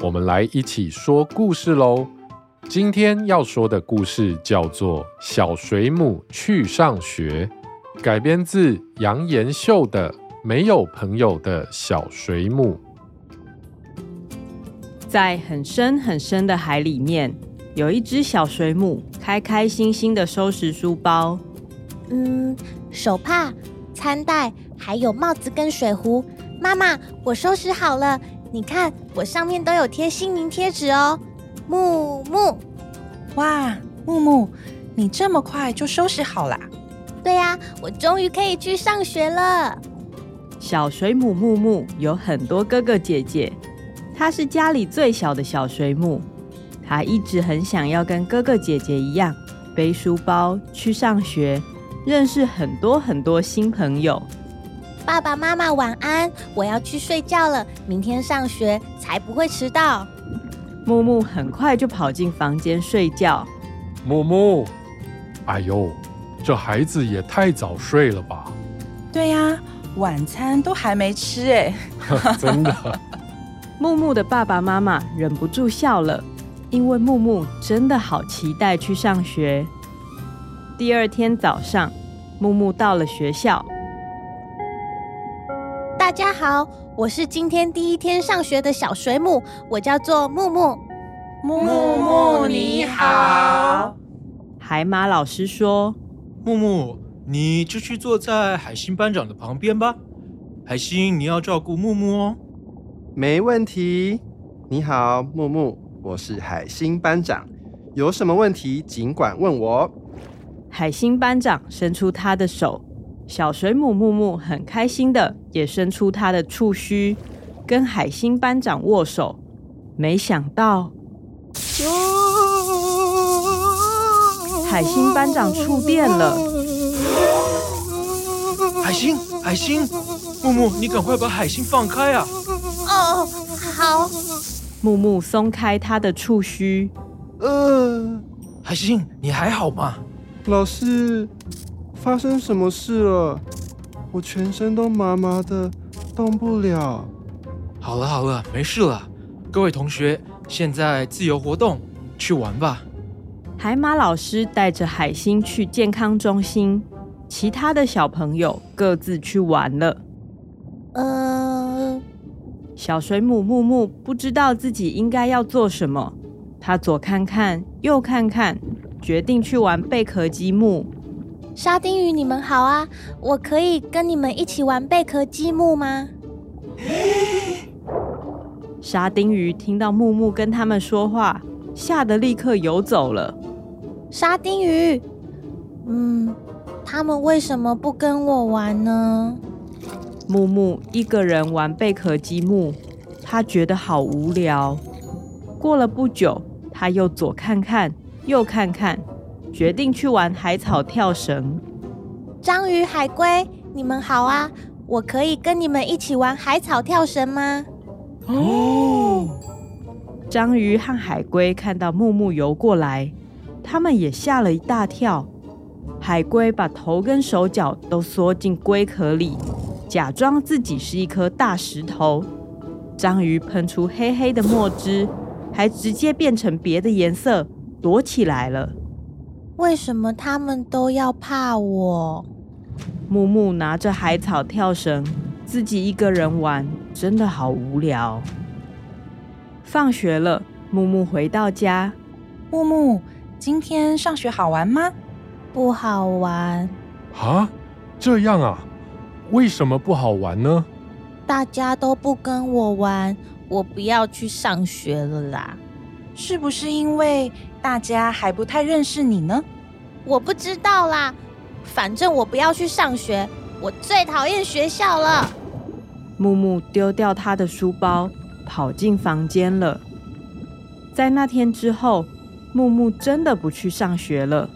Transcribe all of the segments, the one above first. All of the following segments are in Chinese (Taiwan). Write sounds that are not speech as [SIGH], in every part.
我們來一起說故事嘍！今天要說的故事叫做《小水母去上學》，改編自楊妍袖的《沒有朋友的小水母》。在很深很深的海裡面，有一隻小水母，開開心心的收拾書包。嗯，手帕、餐袋，還有帽子跟水壺。媽媽，我收拾好了。你看，我上面都有貼姓名貼紙哦，木木。哇，木木，你這麼快就收拾好了？對呀、啊，我終於可以去上學了。小水母木木有很多哥哥姐姐，她是家裡最小的小水母，她一直很想要跟哥哥姐姐一樣，背書包去上學，認識很多很多新朋友。爸爸媽媽晚安，我要去睡覺了，明天上學才不會遲到。木木很快就跑進房間睡覺。木木，哎呦，這孩子也太早睡了吧？對呀、啊，晚餐都還沒吃誒。 [LAUGHS] [LAUGHS] 真的。木木的爸爸媽媽忍不住笑了，因為木木真的好期待去上學。第二天早上，木木到了學校。大家好，我是今天第一天上學的小水母，我叫做木木。木木你好，海馬老師說：“木木，你就去坐在海星班長的旁邊吧。海星，你要照顧木木哦。”沒問題。你好，木木，我是海星班長，有什麼問題儘管問我。海星班長伸出他的手。小水母木木很開心的，也伸出它的觸鬚，跟海星班長握手。沒想到，海星班長觸電了。海星，海星！木木，你趕快把海星放開啊！哦，好。木木鬆開它的觸鬚。呃，海星，你還好嗎？老師。發生什麼事了？我全身都麻麻的，動不了。好了好了，沒事了。各位同學，現在自由活動，去玩吧。海馬老師帶着海星去健康中心，其他的小朋友各自去玩了。呃，小水母木木不知道自己應該要做什麼，他左看看，右看看，決定去玩貝殼積木。沙丁魚，你們好啊！我可以跟你們一起玩貝殼積木嗎？ [LAUGHS] 沙丁魚聽到木木跟他們說話，嚇得立刻游走了。沙丁魚，嗯，他們為什麼不跟我玩呢？木木一個人玩貝殼積木，他覺得好無聊。過了不久，他又左看看，右看看。決定去玩海草跳繩。章魚、海龜，你們好啊！我可以跟你們一起玩海草跳繩嗎？哦！章魚和海龜看到木木游過來，他們也嚇了一大跳。海龜把頭跟手腳都縮進龜殼裡，假裝自己是一顆大石頭。章魚噴出黑黑的墨汁，還直接變成別的顏色，躲起來了。為什麼他們都要怕我？木木拿着海草跳繩，自己一個人玩，真的好無聊。放學了，木木回到家。木木，今天上學好玩嗎？不好玩。啊，這樣啊？為什麼不好玩呢？大家都不跟我玩，我不要去上學了啦。是不是因為？大家還不太認識你呢？我不知道啦。反正我不要去上學，我最討厭學校了。木木丟掉他的書包，跑進房間了。在那天之後，木木真的不去上學了。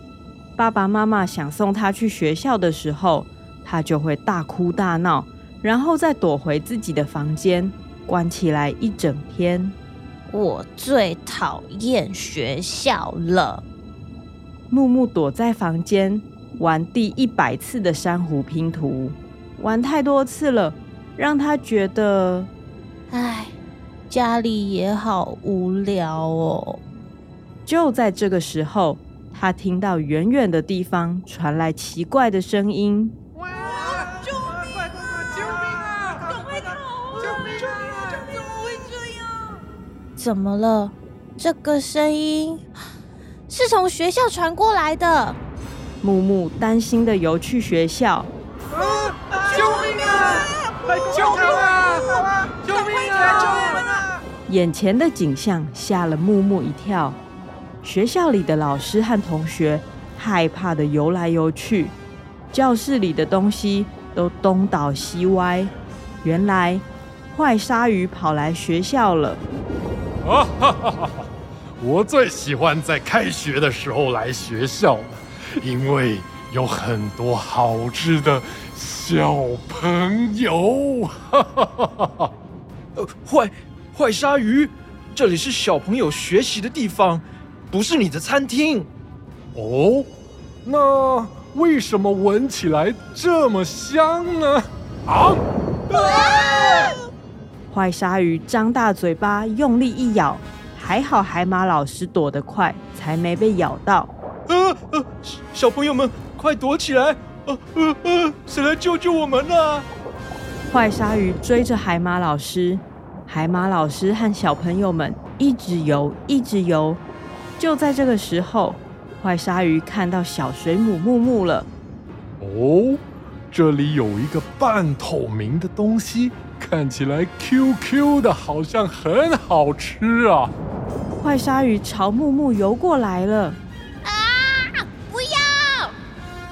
爸爸媽媽想送他去學校的時候，他就會大哭大鬧，然後再躲回自己的房間，關起來一整天。我最討厭學校了。木木躲在房間玩第一百次的珊瑚拼圖，玩太多次了，讓他覺得，哎，家裡也好無聊哦。就在這個時候，他聽到遠遠的地方傳來奇怪的聲音。救命啊，啊，救命啊，啊：“救命啊！救命啊！趕快逃！救命啊！”怎麼了？這個聲音是從學校傳過來的。木木擔心的游去學校。啊，救命啊！來救我啊！救命啊！眼前的景象嚇了木木一跳。學校裡的老師和同學害怕的游來游去，教室裡的東西都東倒西歪。原來，壞鯊魚跑來學校了。啊哈哈哈哈，我最喜歡在開學的時候來學校，因為有很多好吃的小朋友。哈， [LAUGHS] 呃，壞壞鯊魚，這裡是小朋友學習的地方，不是你的餐廳。哦，那為什麼聞起來這麼香呢？啊！啊壞鯊魚張大嘴巴，用力一咬，還好海馬老師躲得快，才沒被咬到。呃、啊、呃、啊，小朋友們快躲起來！呃呃呃，誰、啊啊、來救救我們啊？壞鯊魚追着海馬老師，海馬老師和小朋友們一直游，一直游。就在這個時候，壞鯊魚看到小水母木木了。哦，這裡有一個半透明的東西。看起來 QQ 的，好像很好吃啊！壞鯊魚朝木木游過來了，啊！不要！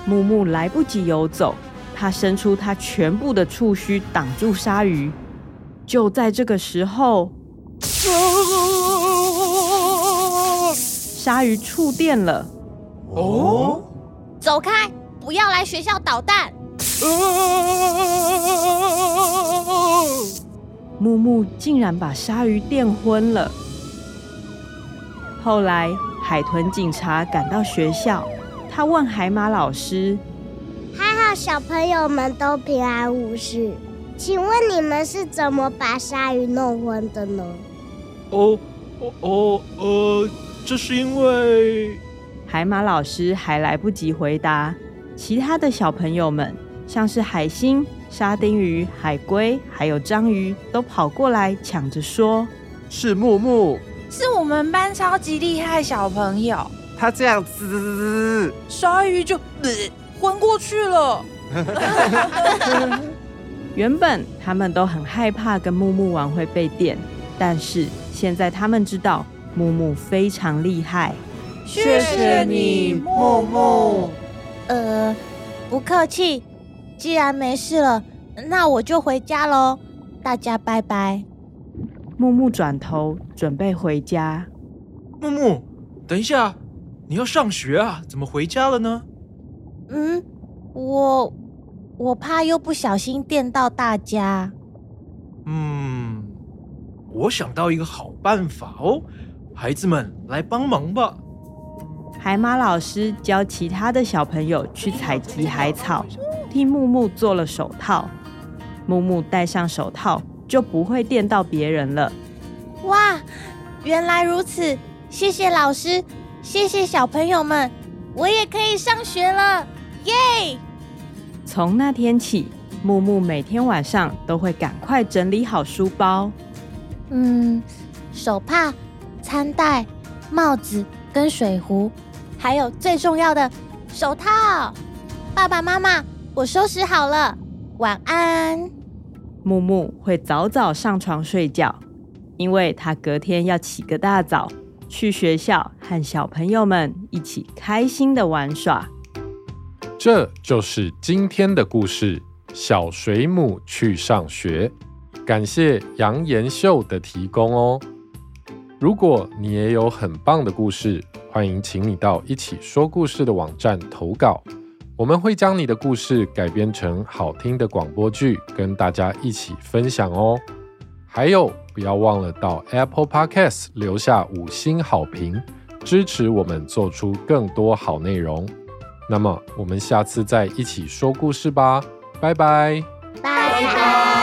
木木來不及游走，他伸出他全部的觸鬚擋住鯊魚。就在這個時候，啊，鯊魚觸電了。哦，走開！不要來學校搗蛋。啊木木竟然把鯊魚電昏了。後來海豚警察趕到學校，他問海馬老師：“還好小朋友們都平安無事，請問你們是怎麼把鯊魚弄昏的呢？”“哦，哦，哦，呃，這是因為……”海馬老師還來不及回答，其他的小朋友們。像是海星、沙丁魚、海龜，還有章魚，都跑過來搶着說：“是木木，是我們班超級厲害小朋友。”他這樣子，鯊魚就昏過去了。原本他們都很害怕跟木木玩會被電，但是現在他們知道木木非常厲害。謝謝你，木木。呃，不客氣。既然沒事了，那我就回家嘍。大家拜拜。木木轉頭準備回家。木木，等一下，你要上學啊？怎麼回家了呢？嗯，我我怕又不小心電到大家。嗯，我想到一個好辦法哦，孩子們來幫忙吧。海馬老師叫其他的小朋友去採集海草。替木木做了手套，木木戴上手套就不會電到別人了。哇，原來如此！謝謝老師，謝謝小朋友們，我也可以上學了，耶！從那天起，木木每天晚上都會趕快整理好書包。嗯，手帕、餐袋、帽子跟水壺，還有最重要的手套。爸爸媽媽。我收拾好了，晚安。木木會早早上床睡覺，因為他隔天要起個大早去學校，和小朋友們一起開心的玩耍。這就是今天的故事《小水母去上學》。感謝楊妍袖的提供哦。如果你也有很棒的故事，歡迎請你到一起說故事的網站投稿。我們會將你的故事改編成好聽的廣播劇，跟大家一起分享哦。還有，不要忘了到 Apple Podcast 留下五星好評，支持我們做出更多好內容。那麼，我們下次再一起說故事吧，拜拜，拜拜。